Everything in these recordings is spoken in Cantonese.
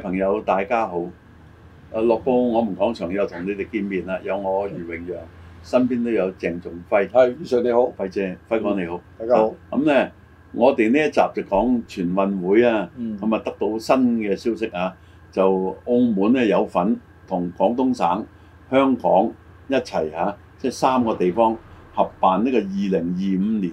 朋友大家好，啊，樂報我們講場又同你哋見面啦，有我余永揚，身邊都有鄭仲輝，係，余 Sir 你好，輝姐，輝哥你好、嗯，大家好。咁咧、啊嗯，我哋呢一集就講全運會啊，咁啊、嗯、得到新嘅消息啊，就澳門咧有份同廣東省、香港一齊嚇、啊，即、就、係、是、三個地方合辦呢個二零二五年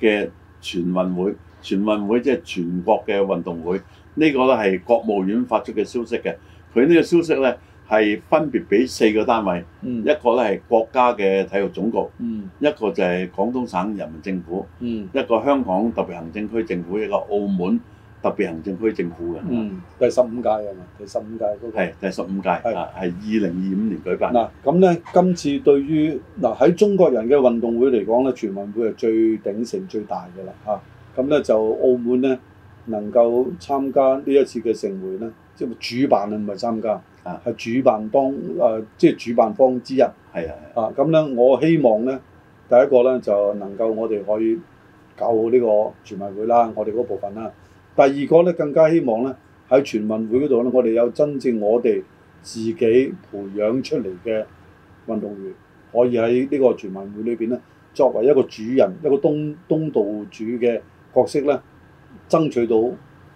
嘅全運會，全運會即係全國嘅運動會。呢個咧係國務院發出嘅消息嘅，佢呢個消息呢，係分別俾四個單位，嗯、一個呢係國家嘅體育總局，嗯、一個就係廣東省人民政府，嗯、一個香港特別行政區政府，一個澳門特別行政區政府嘅。嗯，嗯第十五屆啊嘛，第十五屆都係第十五屆啊，係二零二五年舉辦。嗱，咁呢，今次對於嗱喺中國人嘅運動會嚟講呢，全運會係最鼎盛、最大嘅啦嚇。咁、啊、咧就澳門呢。能夠參加呢一次嘅盛會呢，即係主辦啊，唔係參加，係主辦方啊，即係主辦方之一。係啊，啊咁呢，我希望呢，第一個呢，就能夠我哋可以搞好呢個全運會啦，我哋嗰部分啦。第二個呢，更加希望呢，喺全運會嗰度呢，我哋有真正我哋自己培養出嚟嘅運動員，可以喺呢個全運會裏邊呢，作為一個主人、一個東東道主嘅角色呢。爭取到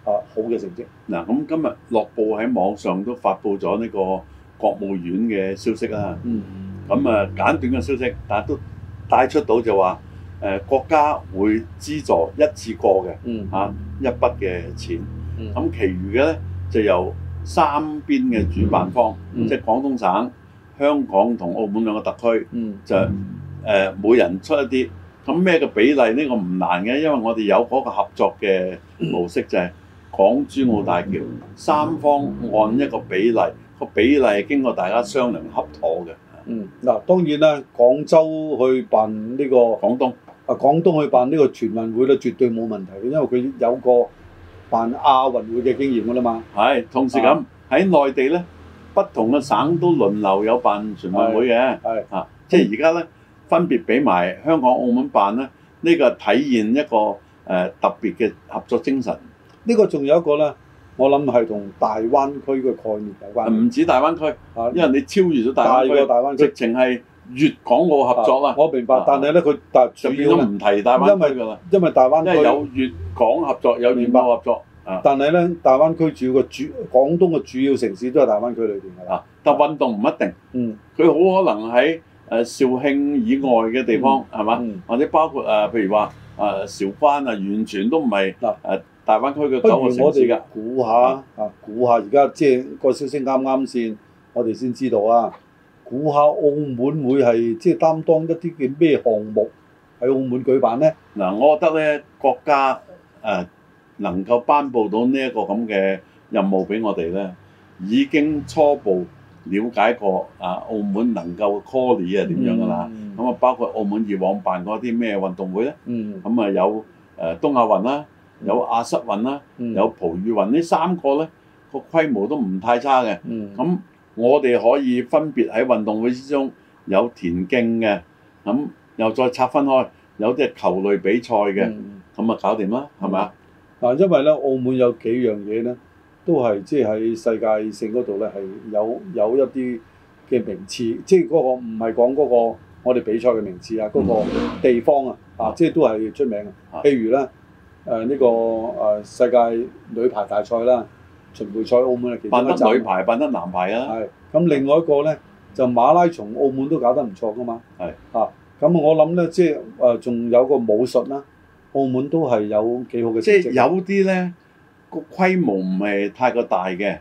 啊好嘅成績。嗱，咁今日樂報喺網上都發布咗呢個國務院嘅消息啦。咁啊、嗯、簡短嘅消息，但係都帶出到就話，誒國家會資助一次過嘅嚇、嗯、一筆嘅錢。咁、嗯、其餘嘅咧就由三邊嘅主辦方，嗯、即係廣東省、香港同澳門兩個特區，嗯、就誒每人出一啲。咁咩嘅比例呢個唔難嘅，因為我哋有嗰個合作嘅模式，就係港珠澳大橋三方按一個比例，個比例經過大家商量合妥嘅。嗯，嗱，當然啦，廣州去辦呢個廣東啊，廣東去辦呢個全運會咧，絕對冇問題嘅，因為佢有個辦亞運會嘅經驗㗎啦嘛。係，同時咁喺內地呢，不同嘅省都輪流有辦全運會嘅。係啊，即係而家呢。嗯分別俾埋香港、澳門辦呢，呢個體現一個誒特別嘅合作精神。呢個仲有一個呢，我諗係同大灣區嘅概念有關。唔止大灣區，因為你超越咗大灣區，大灣區直情係粵港澳合作啊！我明白，但係呢，佢但主要唔提大灣區，因為因為大灣區有粵港合作，有粵澳合作，但係呢，大灣區主要嘅主廣東嘅主要城市都係大灣區裏邊㗎啦。但運動唔一定，嗯，佢好可能喺。誒肇慶以外嘅地方係嘛？或者包括誒，譬、啊、如話誒韶關啊，完全都唔係誒大灣區嘅九個城市嘅。不如我哋估下啊，估下而家即係個消息啱啱先，我哋先知道啊。估下澳門會係即係擔當一啲嘅咩項目喺澳門舉辦咧？嗱、啊，我覺得咧，國家誒、啊、能夠頒布到呢一個咁嘅任務俾我哋咧，已經初步，了解過啊，澳門能夠 call 你係點樣㗎啦？咁啊，包括澳門以往辦過啲咩運動會咧？咁、嗯呃、啊，嗯、有誒東亞運啦，有亞室運啦，有葡語運，呢三個咧個規模都唔太差嘅。咁、嗯、我哋可以分別喺運動會之中有田徑嘅，咁又再拆分開有啲球類比賽嘅，咁、嗯、啊搞掂啦，係咪啊？嗱，因為咧澳門有幾樣嘢咧。都係即係喺世界性嗰度咧，係有有一啲嘅名次，即係嗰個唔係講嗰個我哋比賽嘅名次啊，嗰、那個地方啊， 啊，即、就、係、是、都係出名嘅。譬如咧，誒、呃、呢、這個誒、呃、世界女排大賽啦，巡迴賽澳門啊，其中一站，辦得女排，辦得男排啦、啊。咁另外一個咧，就馬拉松澳門都搞得唔錯噶嘛。是啊，咁我諗咧，即係誒仲有個武術啦，澳門都係有幾好嘅。即係有啲咧。個規模唔係太過大嘅。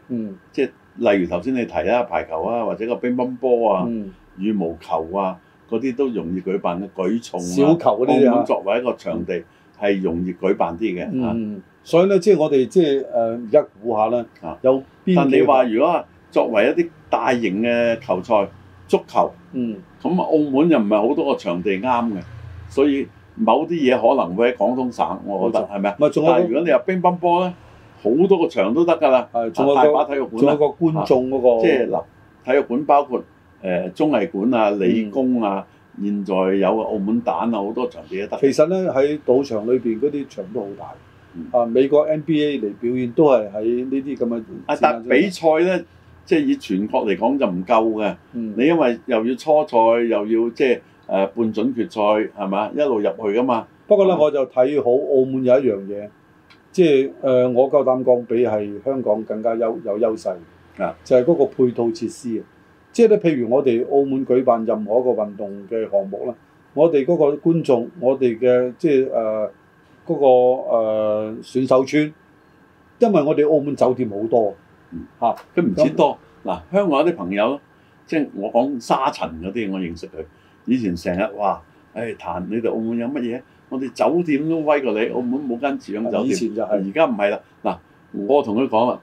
即係、嗯、例如頭先你提啦，排球啊，或者個乒乓波啊、嗯、羽毛球啊嗰啲都容易舉辦啦，舉重啊，小球那些啊，澳門作為一個場地係容易舉辦啲嘅嚇。嗯啊、所以咧，即係我哋即係誒而家估下啦嚇。啊、有邊但你話如果作為一啲大型嘅球賽，足球，咁、嗯、澳門又唔係好多個場地啱嘅，所以某啲嘢可能會喺廣東省，我覺得係咪啊？但係如果你話乒乓波咧？好多個場都得㗎啦，仲有一個仲有個觀眾嗰、那個，即係嗱體育館包括誒、呃、綜藝館啊、理工啊，嗯、現在有澳門蛋啊，好多場地都得。其實咧喺賭場裏邊嗰啲場都好大，嗯、啊美國 NBA 嚟表演都係喺呢啲咁嘅。啊，但比賽咧，即係、嗯、以全國嚟講就唔夠嘅。嗯、你因為又要初賽，又要即係誒半準決賽，係嘛一路入去㗎嘛。不過咧，嗯、我就睇好澳門有一樣嘢。即係誒，我夠膽講，比係香港更加優有優勢，啊，就係、是、嗰個配套設施啊！即係咧，譬如我哋澳門舉辦任何一個運動嘅項目啦，我哋嗰個觀眾，我哋嘅即係誒嗰個誒、呃、選手村，因為我哋澳門酒店好多，嚇、嗯，佢唔知多嗱、嗯像啊。香港啲朋友，即係我講沙塵嗰啲，我認識佢，以前成日話，誒、哎、談你哋澳門有乜嘢？我哋酒店都威過你，澳門冇間自飲酒店，而家唔係啦。嗱、就是啊，我同佢講啊，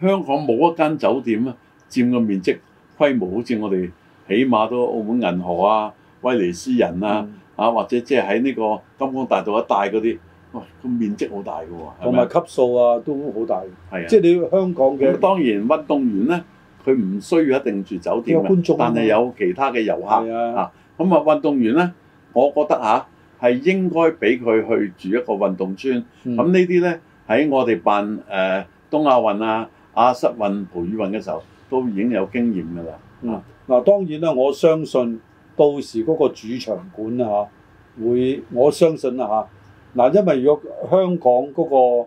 香港冇一間酒店啊，佔個面積規模，好似我哋起碼都澳門銀河啊、威尼斯人啊，嗯、啊或者即係喺呢個金光大道一帶嗰啲，哇、哎，個面積好大嘅喎，同埋級數啊都好大嘅，係啊，即係你香港嘅。咁當然運動員咧，佢唔需要一定住酒店，但係有其他嘅遊客嚇。咁啊，啊運動員咧，我覺得嚇、啊。係應該俾佢去住一個運動村。咁呢啲呢，喺我哋辦誒、呃、東亞運啊、亞室運、培雨運嘅時候，都已經有經驗㗎啦。嗱、嗯，嗱當然啦，我相信到時嗰個主場館啊，會我相信啊嚇。嗱，因為如果香港嗰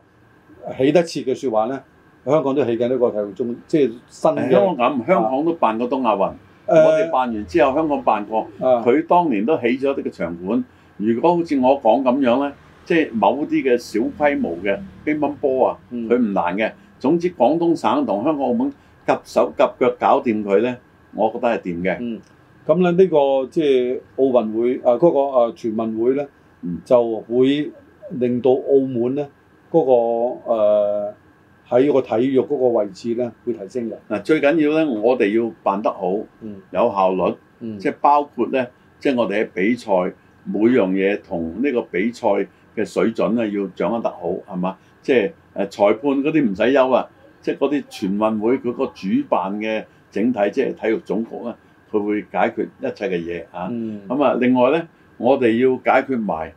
個起得切嘅說話呢，香港都起緊呢、這個體育中心，即、就、係、是、新嘅香、香港都辦過東亞運，呃、我哋辦完之後，香港辦過，佢、呃、當年都起咗呢個場館。如果好似我講咁樣咧，即係某啲嘅小規模嘅乒乓波啊，佢唔、嗯、難嘅。總之廣東省同香港、澳門夾手夾腳搞掂佢咧，我覺得係掂嘅。嗯，咁咧呢個即係奧運會嗰個全運會咧，嗯、就會令到澳門咧嗰個喺個、呃、體育嗰個位置咧會提升嘅。嗱，最緊要咧，我哋要辦得好，嗯、有效率，嗯、即係包括咧，即係我哋嘅比賽。每樣嘢同呢個比賽嘅水準咧，要掌握得好，係嘛？即係誒裁判嗰啲唔使憂啊，即係嗰啲全運會佢個主辦嘅整體，即係體育總局咧，佢會解決一切嘅嘢嚇。咁啊，嗯，另外咧，我哋要解決埋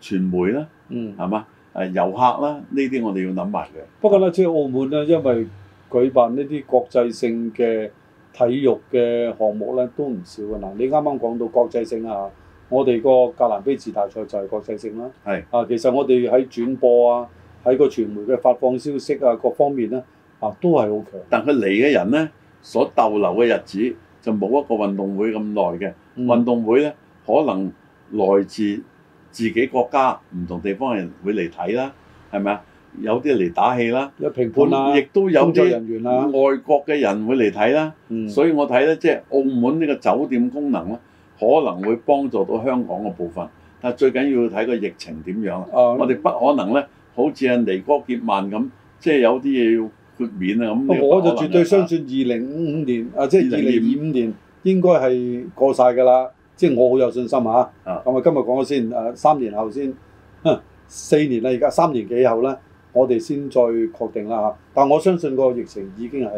傳媒啦，嗯，係嘛？誒遊客啦，呢啲我哋要諗埋嘅。不過咧，即係澳門咧，因為舉辦呢啲國際性嘅體育嘅項目咧，都唔少嘅嗱。你啱啱講到國際性啊。我哋個格蘭菲治大賽就係國際性啦是，係啊，其實我哋喺轉播啊，喺個傳媒嘅發放消息啊，各方面咧啊，啊，都係 OK，但佢嚟嘅人咧，所逗留嘅日子就冇一個運動會咁耐嘅。運動會咧，可能來自自己國家唔同地方嘅人會嚟睇啦，係咪啊？有啲嚟打氣啦，有評判有啲人員啦，有外國嘅人會嚟睇啦。嗯、所以我睇咧，即係澳門呢個酒店功能咯。可能會幫助到香港嘅部分，但係最緊要睇個疫情點樣啦。嗯、我哋不可能咧，好似係尼哥傑曼咁，即係有啲嘢要豁免啊咁。我就絕對相信二零五五年 2. 啊，即係二零二五年應該係過晒㗎啦。即、就、係、是、我好有信心、嗯、啊。咁啊，今日講咗先，誒、啊、三年後先，四年啦，而家三年幾後咧，我哋先再確定啦嚇。但我相信個疫情已經係。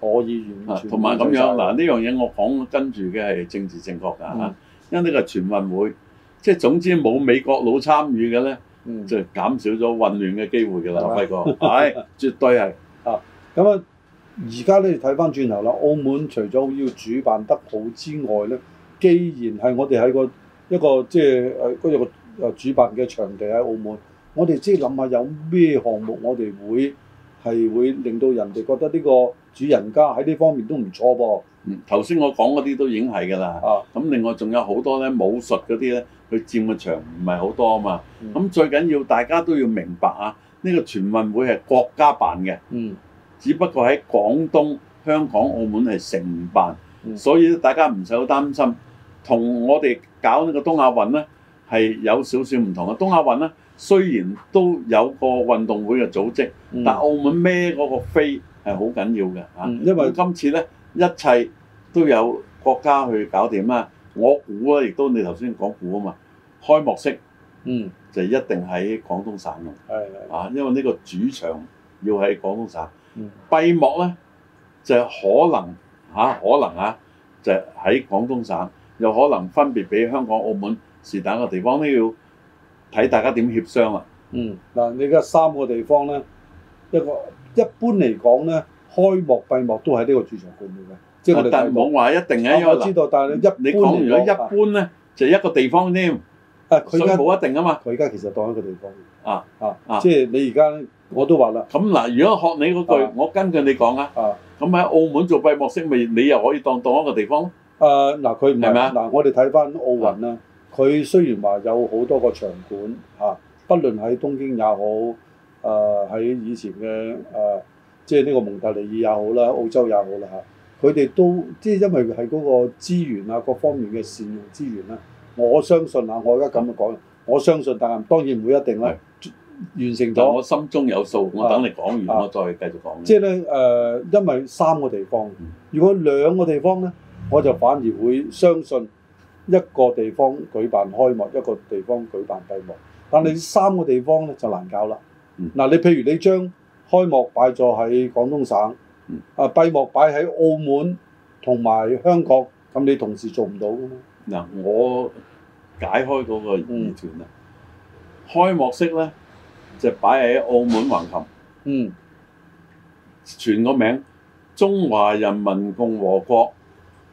可以完全。同埋咁樣嗱，呢樣嘢我講跟住嘅係政治正確㗎、嗯、因為呢個全運會，即係總之冇美國佬參與嘅咧，嗯、就減少咗混亂嘅機會㗎啦，輝哥、嗯，係、哎、 絕對係啊。咁啊，而家咧睇翻轉頭啦，澳門除咗要主辦得好之外咧，既然係我哋喺個一個即係誒嗰個主辦嘅場地喺澳門，我哋即係諗下有咩項目我哋會係會令到人哋覺得呢、呢個。主人家喺呢方面都唔錯噃。嗯，頭先我講嗰啲都已經係㗎啦。啊，咁另外仲有好多咧武術嗰啲咧，佢佔嘅場唔係好多嘛。咁、嗯、最緊要大家都要明白啊，呢、呢個全運會係國家辦嘅。嗯，只不過喺廣東、香港、澳門係承辦，嗯、所以大家唔使好擔心。同我哋搞呢個東亞運咧係有少少唔同嘅。東亞運咧雖然都有個運動會嘅組織，嗯、但澳門孭嗰個飛。係好緊要嘅。嚇、嗯，因為今次呢，一切都有國家去搞掂啦。我估啊，亦都你頭先講估啊嘛。開幕式嗯就一定喺廣東省啊，嗯、因為呢個主場要喺廣東省。閉、嗯、幕呢就可能嚇、啊、可能啊，就喺廣東省，又可能分別俾香港、澳門是但個地方，都要睇大家點協商啦。嗯嗱，你而家三個地方呢。一個。一般嚟講咧，開幕閉幕都喺呢個主場館嘅，即係我哋。但係冇話一定嘅，我知道。但係咧，一般如果一般咧，就一個地方添。啊，佢所以冇一定啊嘛。佢而家其實當一個地方。啊啊即係你而家，我都話啦。咁嗱，如果學你嗰句，我跟住你講啊。啊。咁喺澳門做閉幕式，咪你又可以當當一個地方。誒嗱，佢唔係咩？嗱，我哋睇翻奧運啦。佢雖然話有好多個場館嚇，不論喺東京也好。誒喺、呃、以前嘅誒，即係呢個蒙特利爾也好啦，澳洲也好啦嚇，佢哋都即係、即係、因為係嗰個資源啊，各方面嘅善用資源啦。我相信啊，我而家咁樣講，我相信，啊、相信但係當然唔會一定啦。完成咗，但我心中有數。我等你講完，啊、我再繼續講。即係咧誒，因為三個地方，如果兩個地方咧，我就反而會相信一個地方舉辦開幕，一個地方舉辦閉幕，但係三個地方咧就難搞啦。嗱，你譬如你將開幕擺咗喺廣東省，啊，閉幕擺喺澳門同埋香港，咁你同時做唔到㗎嘛。嗱，我解開嗰個疑團啦。開幕式咧就擺喺澳門橫琴，嗯，全個名中華人民共和國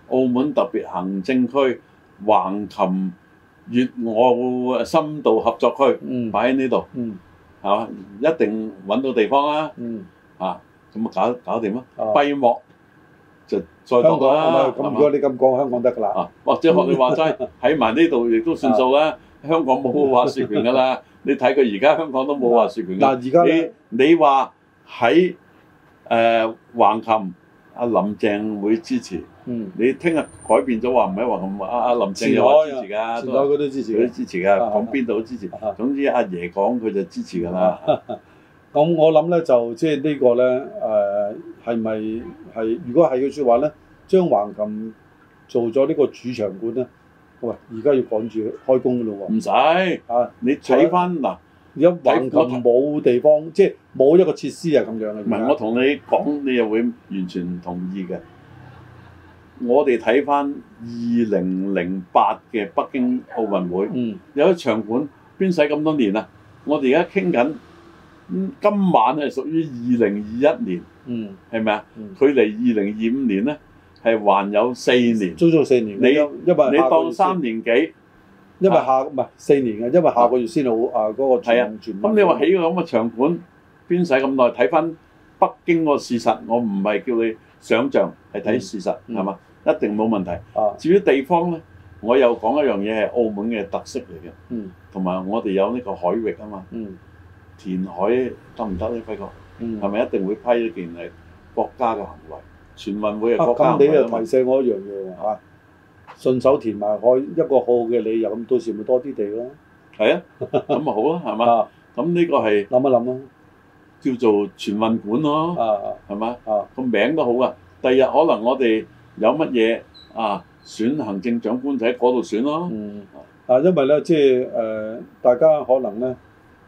澳門特別行政區橫琴粵澳深度合作區，嗯，擺喺呢度，嗯。一定揾到地方啦。嗯。啊，咁咪搞搞掂咯。啊、閉幕就再多講啦。咁如果你咁講吧，香港得㗎啦。或者學你話齋，喺埋呢度亦都算數啦。香港冇話説權㗎啦。你睇佢而家香港都冇話説權。但係而家你你話喺誒橫琴，阿林鄭會支持？嗯，你聽日改變咗話唔喺橫琴，阿阿林鄭又話支持噶，前海佢都支持，佢支持噶，講邊度都支持。總之阿爺講佢就支持㗎啦。咁我諗咧就即係呢個咧誒係咪係？如果係嘅説話咧，將橫琴做咗呢個主場館咧，喂，而家要趕住開工㗎咯喎。唔使啊！你睇翻嗱，而家橫琴冇地方，即係冇一個設施啊咁樣嘅。唔係，我同你講，你又會完全唔同意嘅。我哋睇翻二零零八嘅北京奧運會，嗯、有啲場館邊使咁多年啊？我哋而家傾緊，今晚係屬於二零二一年，係咪啊？距離二零二五年咧係還有四年，足足四年。你因為你當三年幾，因為下唔係、啊、四年嘅，因為下個月先好啊嗰個場館。咁你話起個咁嘅場館邊使咁耐？睇翻北京個事實，我唔係叫你想象，係睇事實係嘛？嗯一定冇問題。至於地方咧，我又講一樣嘢係澳門嘅特色嚟嘅，同埋我哋有呢個海域啊嘛。填海得唔得呢？輝哥，係咪一定會批一件係國家嘅行為？全運會係國家行為你又提醒我一樣嘢啊！順手填埋海一個好嘅理由，咁到時咪多啲地咯。係啊，咁咪好咯，係嘛？咁呢個係諗一諗咯，叫做全運館咯，係嘛？個名都好啊。第日可能我哋。有乜嘢啊？選行政長官就喺嗰度選咯。嗯。啊，因為咧，即係誒，大家可能咧，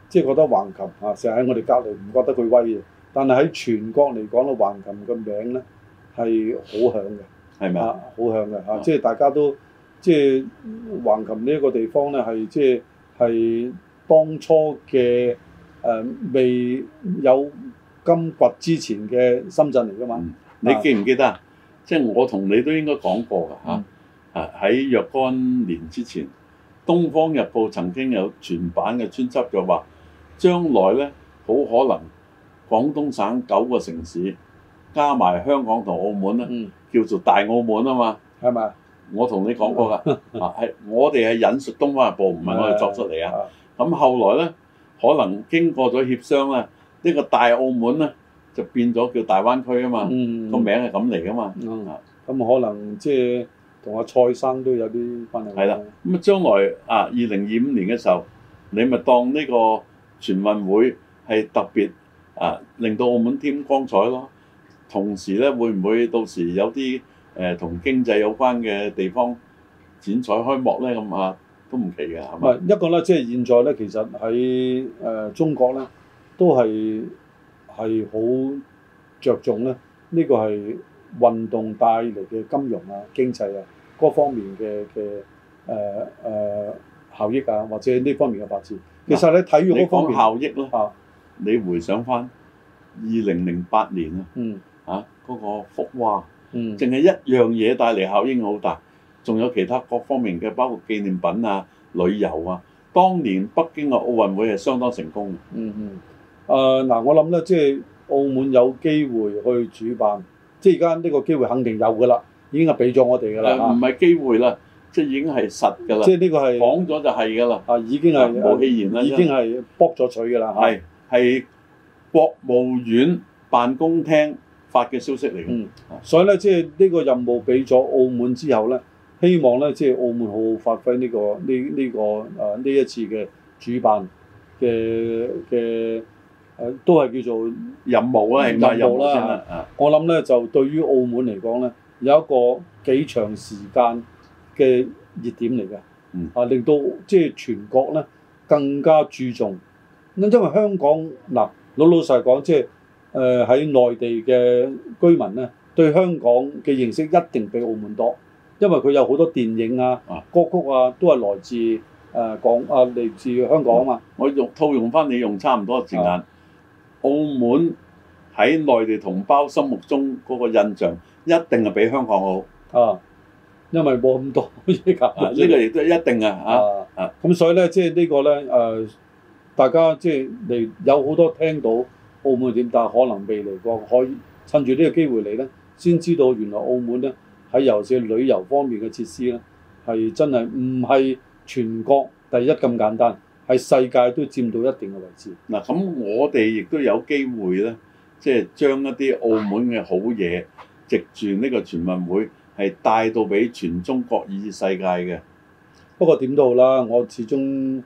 即、就、係、是、覺得橫琴啊，成日喺我哋隔籬，唔覺得佢威嘅。但係喺全國嚟講咧，橫琴嘅名咧係好響嘅。係咪嗎啊？好響嘅嚇，即係、啊啊、大家都即係、就是、橫琴呢一個地方咧，係即係係當初嘅誒、呃、未有金掘之前嘅深圳嚟嘅嘛。嗯啊、你記唔記得啊？即係我同你都應該講過㗎嚇，啊喺若干年之前，《東方日報》曾經有全版嘅專輯就話，將來呢，好可能廣東省九個城市加埋香港同澳門咧，叫做大澳門啊嘛，係咪吧？ 我同你講過㗎，啊係我哋係引述《東方日報》，唔係我哋作出嚟啊。咁後來呢，可能經過咗協商呢，呢個大澳門咧。就變咗叫大灣區啊嘛，個名係咁嚟噶嘛。啊，咁可能即係同阿蔡生都有啲關係。係啦，咁啊將來啊二零二五年嘅時候，你咪當呢個全運會係特別啊，令到澳門添光彩咯。同時咧，會唔會到時有啲誒同經濟有關嘅地方剪彩開幕咧？咁啊都唔奇㗎。唔係一個咧，即係現在咧，其實喺誒中國咧都係。係好着重咧，呢、這個係運動帶嚟嘅金融啊、經濟啊各方面嘅嘅誒誒效益啊，或者呢方面嘅發展。其實你睇完呢、啊、看方面，效益咯嚇，啊、你回想翻二零零八年、嗯、啊，嚇、那、嗰個福娃，淨係、嗯、一樣嘢帶嚟效益好大，仲有其他各方面嘅，包括紀念品啊、旅遊啊。當年北京嘅奧運會係相當成功嘅，嗯嗯。嗯。嗱、呃，我諗咧，即係澳門有機會去主辦，即係而家呢個機會肯定有噶啦，已經係俾咗我哋噶啦，唔係機會啦，啊、即係已經係實噶啦。即係呢個係講咗就係噶啦。啊，已經係冇謠言啦，已經係博咗取噶啦。係係國務院辦公廳發嘅消息嚟嘅。所以咧，即係呢個任務俾咗澳門之後咧，希望咧，即係澳門好好發揮呢、呢個呢呢呢一次嘅主辦嘅嘅。的的都係叫做任務啦，啊，任務啦嚇。我諗咧就對於澳門嚟講咧，有一個幾長時間嘅熱點嚟嘅。嗯、啊，令到即係、就是、全國咧更加注重。因為香港嗱老、啊、老實講，即係誒喺內地嘅居民咧，對香港嘅認識一定比澳門多，因為佢有好多電影啊、啊歌曲啊，都係來自誒廣、呃、啊嚟自香港啊嘛、嗯。我用套用翻你用差唔多時間。啊澳門喺內地同胞心目中嗰個印象，一定係比香港好。啊，因為冇咁多呢個亦都一定啊！啊啊，咁啊，所以咧，即、就、係、是、呢個咧，誒、呃，大家即係嚟有好多聽到澳門點，但係可能未嚟過，可以趁住呢個機會嚟咧，先知道原來澳門咧喺尤其是旅遊方面嘅設施咧，係真係唔係全國第一咁簡單。係世界都佔到一定嘅位置。嗱，咁我哋亦都有機會咧，即係將一啲澳門嘅好嘢，藉住呢個全運會係帶到俾全中國以至世界嘅。不過點都好啦，我始終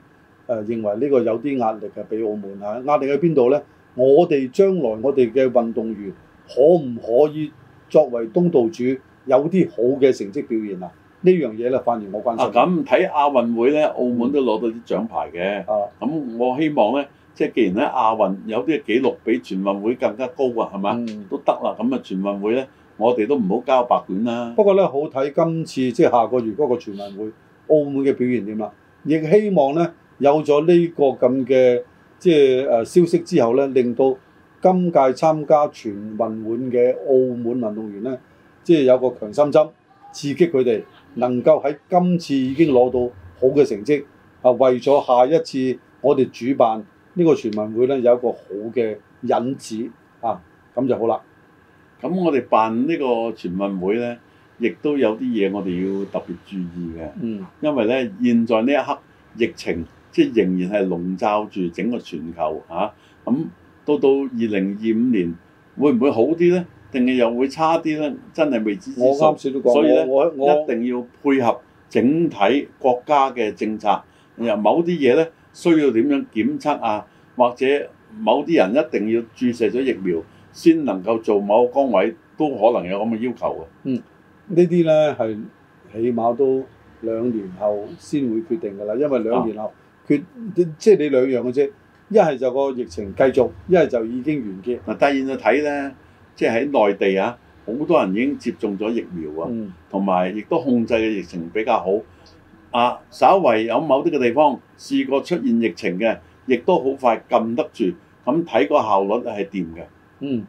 誒認為呢個有啲壓力嘅，俾澳門嚇。壓力喺邊度咧？我哋將來我哋嘅運動員可唔可以作為東道主，有啲好嘅成績表現啊？呢樣嘢啦，反而我關心。啊，咁睇亞運會咧，澳門都攞到啲獎牌嘅。啊，咁我希望咧，即係既然咧亞運有啲記錄比全運會更加高啊，係嘛？都得啦，咁啊全運會咧，我哋都唔好交白卷啦。不過咧，好睇今次即係下個月嗰個全運會，澳門嘅表現點呀？亦希望咧有咗呢個咁嘅即係誒消息之後咧，令到今屆參加全運會嘅澳門運動員咧，即係有個強心針刺激佢哋。能夠喺今次已經攞到好嘅成績，啊，為咗下一次我哋主辦呢個全運會呢，有一個好嘅引子啊，咁就好啦。咁我哋辦呢個全運會呢，亦都有啲嘢我哋要特別注意嘅。嗯。因為呢，現在呢一刻疫情即係仍然係籠罩住整個全球啊。咁到到二零二五年會唔會好啲呢？定係又會差啲咧，真係未知之數。我所以咧，我我我一定要配合整體國家嘅政策。然後某啲嘢咧，需要點樣檢測啊？或者某啲人一定要注射咗疫苗，先能夠做某個崗位，都可能有咁嘅要求嘅。嗯，呢啲咧係起碼都兩年後先會決定㗎啦，因為兩年後、啊、決即係你兩樣嘅啫。一係就個疫情繼續，一係就已經完結。嗱，自然就睇啦。即係喺內地啊，好多人已經接種咗疫苗啊，同埋亦都控制嘅疫情比較好。啊，稍為有某啲嘅地方試過出現疫情嘅，亦都好快撳得住，咁睇個效率係掂嘅。嗯，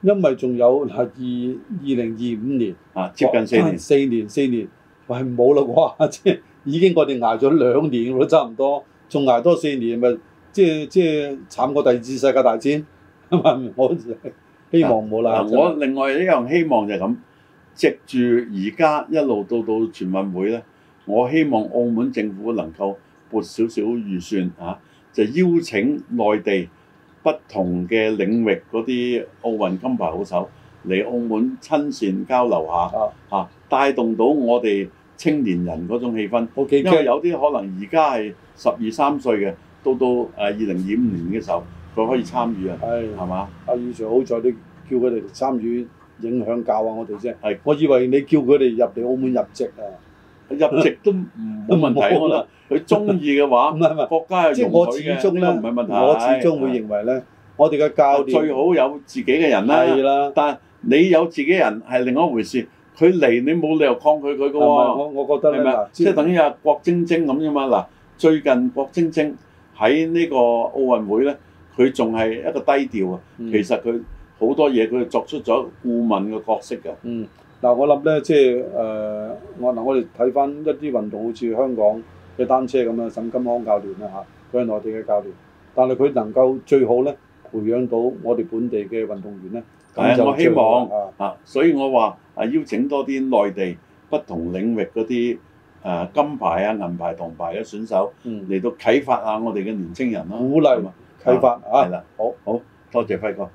因為仲有係二二零二五年啊，接近四年，哦、四年四年，喂冇啦啩？即係已經我哋挨咗兩年都差唔多，仲挨多四年咪即係即係慘過第二次世界大戰，係咪？好我。希望冇啦。我另外一樣希望就係咁，藉住而家一路到到全運會呢，我希望澳門政府能夠撥少少預算，就邀請內地不同嘅領域嗰啲奧運金牌好手嚟澳門親善交流下，嚇，帶動到我哋青年人嗰種氣氛，Okay. 因為有啲可能而家係十二三歲嘅，到到誒二零二五年嘅時候。佢可以參與啊，係嘛？阿宇尚好彩，你叫佢哋參與影響教啊。我哋先。係，我以為你叫佢哋入嚟澳門入籍啊，入籍都唔冇問題㗎啦。佢中意嘅話，國家又容許嘅，唔係問題。我始終會認為咧，我哋嘅教最好有自己嘅人啦。係啦，但係你有自己人係另一回事。佢嚟你冇理由抗拒佢嘅喎。我覺得咧，即係等於阿郭晶晶咁啫嘛。嗱，最近郭晶晶喺呢個奧運會咧。佢仲係一個低調啊！其實佢好多嘢佢係作出咗顧問嘅角色㗎。嗯，嗱我諗咧，即係誒、呃、我嗱我哋睇翻一啲運動好似香港嘅單車咁樣，沈金康教練啦嚇，佢係內地嘅教練，但係佢能夠最好咧，培養到我哋本地嘅運動員咧。咁的我希望啊，所以我話啊，邀請多啲內地不同領域嗰啲誒金牌啊、銀牌、銅牌嘅選手嚟、嗯、到啟發下我哋嘅年青人啦，鼓勵。睇法啊，係啦、啊，好好，多謝輝哥。